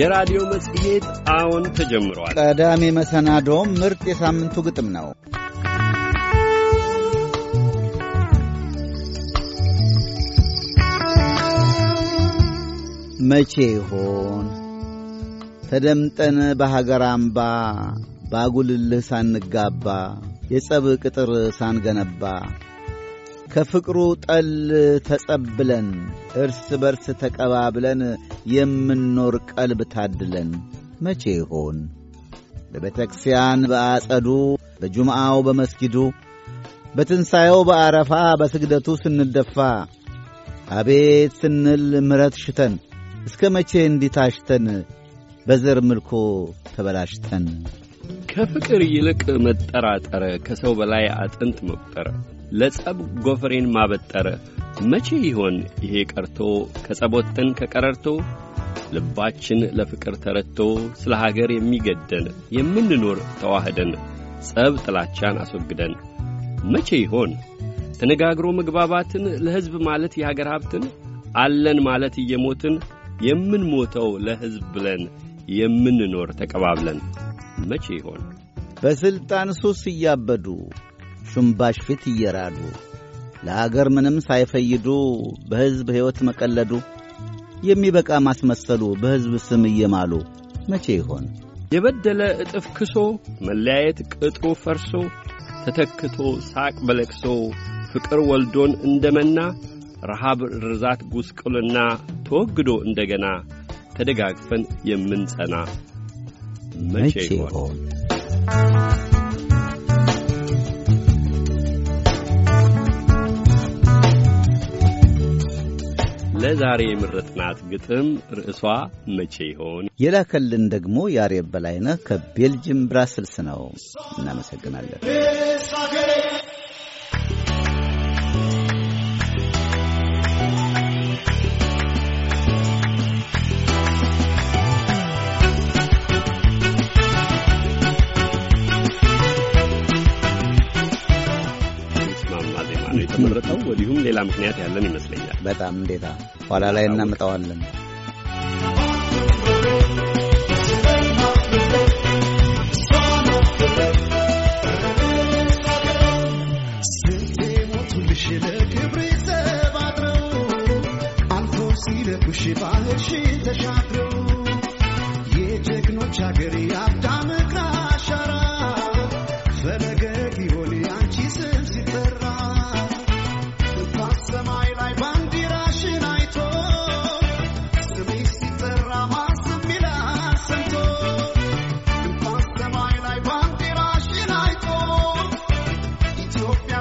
የራዲዮ መጽሔት አዎን ተጀምሯል። ቀዳሚ መሰናዶም ምርጥ የሳምንቱ ግጥም ነው። መቼ ይሆን ተደምጠን በሀገር አምባ ባጉልልህ ሳንጋባ የጸብ ቅጥር ሳንገነባ ከፍቅሩ ጠል ተጸብለን እርስ በርስ ተቀባብለን የምንኖር ቀልብ ታድለን መቼ ይሆን? በቤተ ክርስቲያን በአጸዱ፣ በጁምዓው፣ በመስጊዱ፣ በትንሣኤው፣ በአረፋ፣ በስግደቱ ስንደፋ አቤት ስንል ምረት ሽተን እስከ መቼ እንዲታሽተን በዘር ምልኮ ተበላሽተን ከፍቅር ይልቅ መጠራጠር ከሰው በላይ አጥንት መቁጠር ለጸብ ጎፈሬን ማበጠረ መቼ ይሆን ይሄ ቀርቶ ከጸቦትን ከቀረርቶ ልባችን ለፍቅር ተረቶ ስለ ሀገር የሚገደን የምንኖር ተዋህደን ጸብ ጥላቻን አስወግደን መቼ ይሆን ተነጋግሮ መግባባትን ለሕዝብ ማለት የሀገር ሀብትን አለን ማለት እየሞትን የምንሞተው ለሕዝብ ብለን የምንኖር ተቀባብለን መቼ ይሆን በሥልጣን ሱስ እያበዱ ሹምባሽ ፊት እየራዱ ለአገር ምንም ሳይፈይዱ በሕዝብ ሕይወት መቀለዱ የሚበቃ ማስመሰሉ በሕዝብ ስም እየማሉ መቼ ይሆን የበደለ እጥፍ ክሶ መለያየት ቅጡ ፈርሶ ተተክቶ ሳቅ በለቅሶ ፍቅር ወልዶን እንደመና ረሃብ ርዛት ጉስቁልና ተወግዶ እንደገና ተደጋግፈን የምንጸና መቼ ይሆን? ለዛሬ የምረጥናት ግጥም ርዕሷ መቼ ይሆን? የላከልን ደግሞ ያሬብ በላይነህ ከቤልጅም ብራስልስ ነው። እናመሰግናለን። ዜማ ነው የተመረጠው። ወዲሁም ሌላ ምክንያት ያለን ይመስለኛል። በጣም እንዴታ ኋላ ላይ እናምጠዋለን። She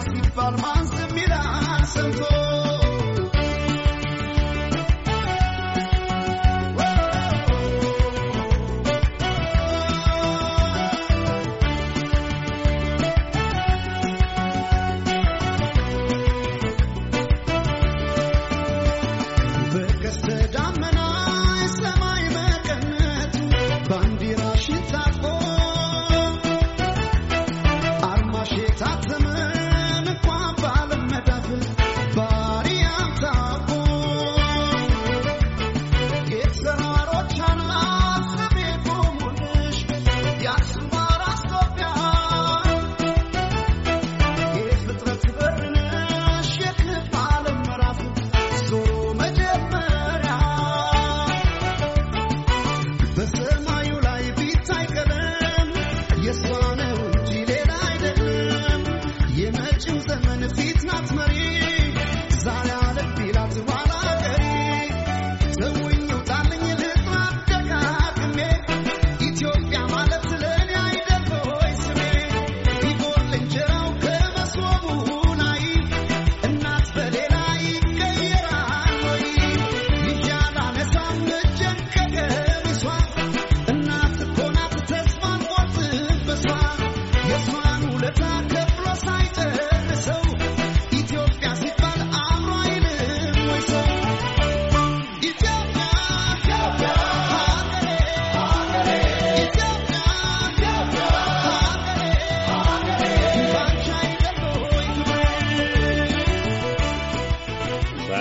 y formas de mirar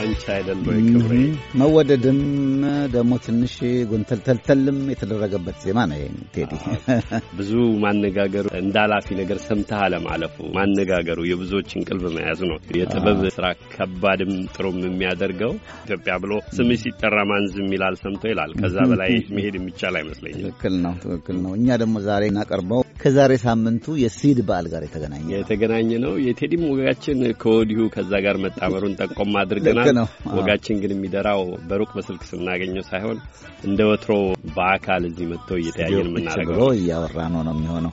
አንቺ አይደል ወይ ክብሬ። መወደድም ደግሞ ትንሽ ጎንተልተልተልም የተደረገበት ዜማ ነው። ቴዲ ብዙ ማነጋገሩ እንደ ነገር ሰምተህ አለማለፉ ማነጋገሩ የብዙዎች እንቅልፍ መያዝ ነው። የጥበብ ስራ ከባድም ጥሩም የሚያደርገው ኢትዮጵያ ብሎ ስም ሲጠራ ማንዝም ዝም ይላል ሰምቶ ይላል። ከዛ በላይ መሄድ የሚቻል አይመስለኝም። ትክክል ነው፣ ትክክል ነው። እኛ ደግሞ ዛሬ እናቀርበው ከዛሬ ሳምንቱ የሲድ በዓል ጋር የተገናኘ የተገናኘ ነው። የቴዲም ወጋችን ከወዲሁ ከዛ ጋር መጣመሩን ጠቆም አድርገናል። ወጋችን ግን የሚደራው በሩቅ በስልክ ስናገኘው ሳይሆን እንደ ወትሮ በአካል እዚህ መጥቶ እየተያየን የምናደርገው እያወራ ነው ነው የሚሆነው